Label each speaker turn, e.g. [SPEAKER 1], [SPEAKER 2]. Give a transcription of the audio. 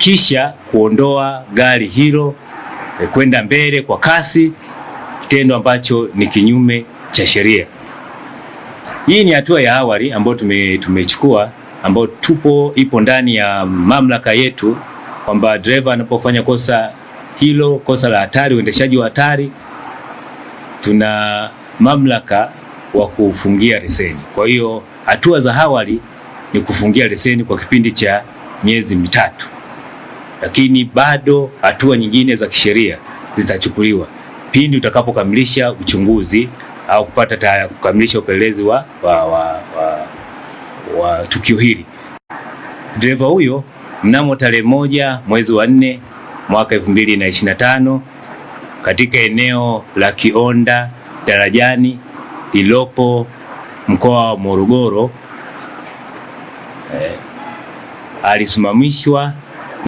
[SPEAKER 1] kisha kuondoa gari hilo e, kwenda mbele kwa kasi, kitendo ambacho ni kinyume cha sheria. Hii ni hatua ya awali ambayo tume, tumechukua ambayo tupo ipo ndani ya mamlaka yetu kwamba dereva anapofanya kosa hilo, kosa la hatari, uendeshaji wa hatari, tuna mamlaka wa kufungia leseni. Kwa hiyo hatua za awali ni kufungia leseni kwa kipindi cha miezi mitatu lakini bado hatua nyingine za kisheria zitachukuliwa pindi utakapokamilisha uchunguzi au kupata ta, kukamilisha upelelezi wa, wa, wa, wa, wa tukio hili. Dereva huyo mnamo tarehe moja mwezi wa nne mwaka tano katika eneo la Kionda Darajani lilopo mkoa wa Morogoro eh, alisimamishwa